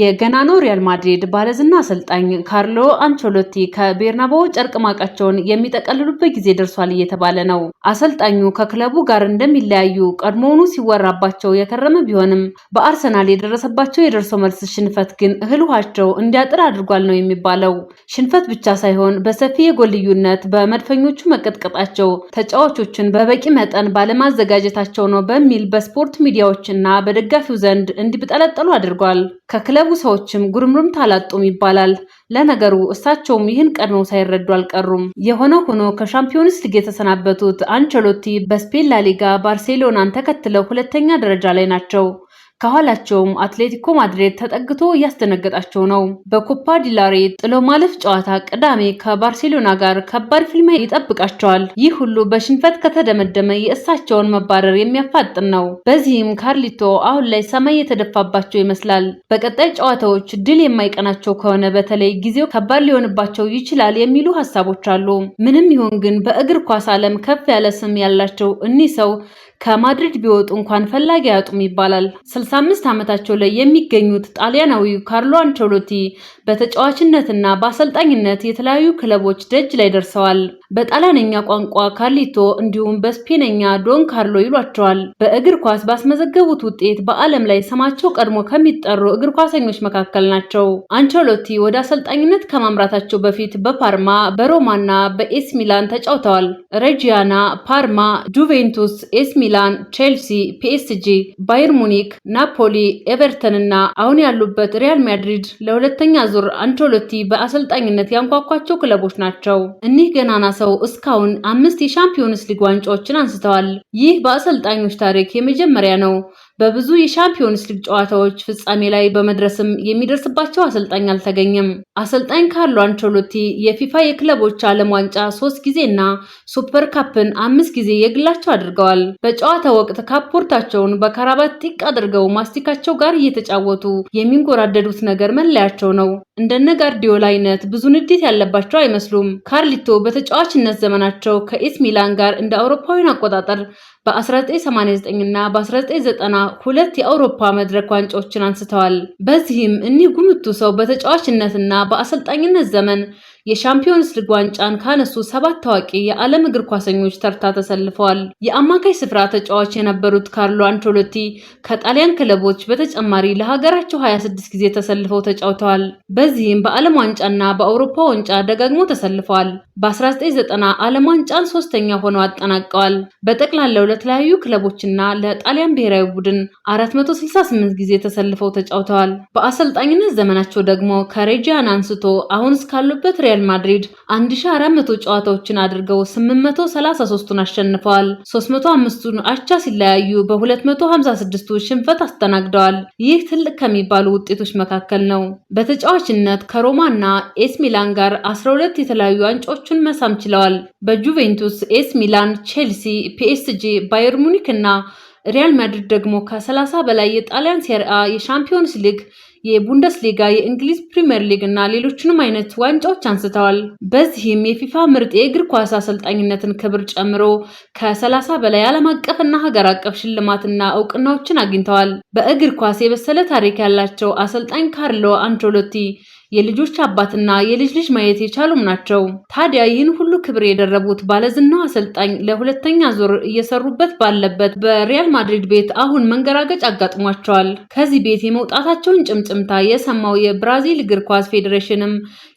የገናናው ሪያል ማድሪድ ባለዝና አሰልጣኝ ካርሎ አንቸሎቲ ከቤርናባው ጨርቅ ማቃቸውን የሚጠቀልሉበት ጊዜ ደርሷል እየተባለ ነው። አሰልጣኙ ከክለቡ ጋር እንደሚለያዩ ቀድሞውኑ ሲወራባቸው የከረመ ቢሆንም በአርሰናል የደረሰባቸው የደርሶ መልስ ሽንፈት ግን እህል ውሃቸው እንዲያጥር አድርጓል ነው የሚባለው። ሽንፈት ብቻ ሳይሆን በሰፊ የጎል ልዩነት በመድፈኞቹ መቀጥቀጣቸው፣ ተጫዋቾችን በበቂ መጠን ባለማዘጋጀታቸው ነው በሚል በስፖርት ሚዲያዎች እና በደጋፊው ዘንድ እንዲብጠለጠሉ አድርጓል። ለጉ ሰዎችም ጉርምርም ታላጡም ይባላል። ለነገሩ እሳቸውም ይህን ቀድመው ሳይረዱ አልቀሩም። የሆነ ሆኖ ከሻምፒዮንስ ሊግ የተሰናበቱት አንቸሎቲ በስፔን ላሊጋ ባርሴሎናን ተከትለው ሁለተኛ ደረጃ ላይ ናቸው። ከኋላቸውም አትሌቲኮ ማድሪድ ተጠግቶ እያስደነገጣቸው ነው። በኮፓ ዲላሬ ጥሎ ማለፍ ጨዋታ ቅዳሜ ከባርሴሎና ጋር ከባድ ፊልማ ይጠብቃቸዋል። ይህ ሁሉ በሽንፈት ከተደመደመ የእሳቸውን መባረር የሚያፋጥን ነው። በዚህም ካርሊቶ አሁን ላይ ሰማይ የተደፋባቸው ይመስላል። በቀጣይ ጨዋታዎች ድል የማይቀናቸው ከሆነ በተለይ ጊዜው ከባድ ሊሆንባቸው ይችላል የሚሉ ሀሳቦች አሉ። ምንም ይሁን ግን በእግር ኳስ ዓለም ከፍ ያለ ስም ያላቸው እኒህ ሰው ከማድሪድ ቢወጡ እንኳን ፈላጊ አያጡም ይባላል። በ35 ዓመታቸው ላይ የሚገኙት ጣሊያናዊው ካርሎ አንቸሎቲ በተጫዋችነትና በአሰልጣኝነት የተለያዩ ክለቦች ደጅ ላይ ደርሰዋል። በጣሊያነኛ ቋንቋ ካሊቶ እንዲሁም በስፔነኛ ዶን ካርሎ ይሏቸዋል። በእግር ኳስ ባስመዘገቡት ውጤት በዓለም ላይ ስማቸው ቀድሞ ከሚጠሩ እግር ኳሰኞች መካከል ናቸው። አንቸሎቲ ወደ አሰልጣኝነት ከማምራታቸው በፊት በፓርማ በሮማና በኤስ ሚላን ተጫውተዋል። ሬጂያና፣ ፓርማ፣ ጁቬንቱስ፣ ኤስ ሚላን፣ ቼልሲ፣ ፒኤስጂ፣ ባየር ሙኒክ፣ ናፖሊ፣ ኤቨርተን እና አሁን ያሉበት ሪያል ማድሪድ ለሁለተኛ ዙር አንቸሎቲ በአሰልጣኝነት ያንኳኳቸው ክለቦች ናቸው። እኒህ ገናና ሰው ደርሰው እስካሁን አምስት የሻምፒዮንስ ሊግ ዋንጫዎችን አንስተዋል። ይህ በአሰልጣኞች ታሪክ የመጀመሪያ ነው። በብዙ የሻምፒዮንስ ሊግ ጨዋታዎች ፍጻሜ ላይ በመድረስም የሚደርስባቸው አሰልጣኝ አልተገኘም። አሰልጣኝ ካርሎ አንቸሎቲ የፊፋ የክለቦች ዓለም ዋንጫ ሶስት ጊዜና ሱፐር ካፕን አምስት ጊዜ የግላቸው አድርገዋል። በጨዋታ ወቅት ካፖርታቸውን በከረባት ጢቅ አድርገው ማስቲካቸው ጋር እየተጫወቱ የሚንጎራደዱት ነገር መለያቸው ነው። እንደነ ጋርዲዮላ አይነት ብዙ ንዴት ያለባቸው አይመስሉም። ካርሊቶ በተጫዋችነት ዘመናቸው ከኤስ ሚላን ጋር እንደ አውሮፓውያን አቆጣጠር በ1989 እና በ1990 ሁለት የአውሮፓ መድረክ ዋንጫዎችን አንስተዋል። በዚህም እኒህ ጉምቱ ሰው በተጫዋችነትና በአሰልጣኝነት ዘመን የሻምፒዮንስ ሊግ ዋንጫን ካነሱ ሰባት ታዋቂ የዓለም እግር ኳሰኞች ተርታ ተሰልፈዋል። የአማካይ ስፍራ ተጫዋች የነበሩት ካርሎ አንቾሎቲ ከጣሊያን ክለቦች በተጨማሪ ለሀገራቸው 26 ጊዜ ተሰልፈው ተጫውተዋል። በዚህም በዓለም ዋንጫና በአውሮፓ ዋንጫ ደጋግሞ ተሰልፈዋል። በ1990 ዓለም ዋንጫን ሶስተኛ ሆነው አጠናቀዋል። በጠቅላላው ለተለያዩ ክለቦችና ለጣሊያን ብሔራዊ ቡድን 468 ጊዜ ተሰልፈው ተጫውተዋል። በአሰልጣኝነት ዘመናቸው ደግሞ ከሬጂያን አንስቶ አሁን እስካሉበት ሪያል ሪያል ማድሪድ 1400 ጨዋታዎችን አድርገው 833ቱን አሸንፈዋል። 305ቱን አቻ ሲለያዩ በ256ቱ ሽንፈት አስተናግደዋል። ይህ ትልቅ ከሚባሉ ውጤቶች መካከል ነው። በተጫዋችነት ከሮማ እና ኤስ ሚላን ጋር 12 የተለያዩ ዋንጫዎችን መሳም ችለዋል። በጁቬንቱስ፣ ኤስ ሚላን፣ ቼልሲ፣ ፒኤስጂ፣ ባየር ሙኒክ እና ሪያል ማድሪድ ደግሞ ከ30 በላይ የጣሊያን ሴሪአ የሻምፒዮንስ ሊግ የቡንደስሊጋ፣ የእንግሊዝ ፕሪምየር ሊግ እና ሌሎችንም አይነት ዋንጫዎች አንስተዋል። በዚህም የፊፋ ምርጥ የእግር ኳስ አሰልጣኝነትን ክብር ጨምሮ ከሰላሳ በላይ ዓለም አቀፍና ሀገር አቀፍ ሽልማትና እውቅናዎችን አግኝተዋል። በእግር ኳስ የበሰለ ታሪክ ያላቸው አሰልጣኝ ካርሎ አንቾሎቲ የልጆች አባትና የልጅ ልጅ ማየት የቻሉም ናቸው። ታዲያ ይህን ሁሉ ክብር የደረቡት ባለዝናው አሰልጣኝ ለሁለተኛ ዙር እየሰሩበት ባለበት በሪያል ማድሪድ ቤት አሁን መንገራገጭ አጋጥሟቸዋል። ከዚህ ቤት የመውጣታቸውን ጭምጭምታ የሰማው የብራዚል እግር ኳስ ፌዴሬሽንም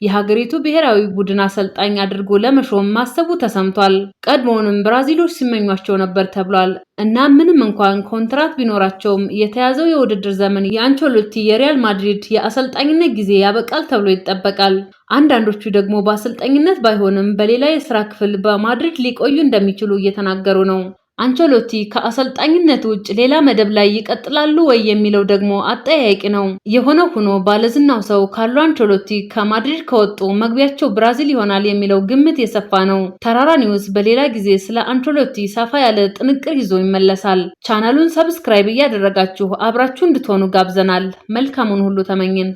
የሀገሪቱ ብሔራዊ ቡድን አሰልጣኝ አድርጎ ለመሾም ማሰቡ ተሰምቷል። ቀድሞውንም ብራዚሎች ሲመኟቸው ነበር ተብሏል። እና ምንም እንኳን ኮንትራት ቢኖራቸውም የተያዘው የውድድር ዘመን የአንቸሎቲ የሪያል ማድሪድ የአሰልጣኝነት ጊዜ ያበቃል ተብሎ ይጠበቃል። አንዳንዶቹ ደግሞ በአሰልጣኝነት ባይሆንም በሌላ የስራ ክፍል በማድሪድ ሊቆዩ እንደሚችሉ እየተናገሩ ነው። አንቸሎቲ ከአሰልጣኝነት ውጭ ሌላ መደብ ላይ ይቀጥላሉ ወይ የሚለው ደግሞ አጠያያቂ ነው። የሆነ ሆኖ ባለዝናው ሰው ካርሎ አንቸሎቲ ከማድሪድ ከወጡ መግቢያቸው ብራዚል ይሆናል የሚለው ግምት የሰፋ ነው። ተራራ ኒውስ በሌላ ጊዜ ስለ አንቸሎቲ ሰፋ ያለ ጥንቅር ይዞ ይመለሳል። ቻናሉን ሰብስክራይብ እያደረጋችሁ አብራችሁ እንድትሆኑ ጋብዘናል። መልካሙን ሁሉ ተመኝን።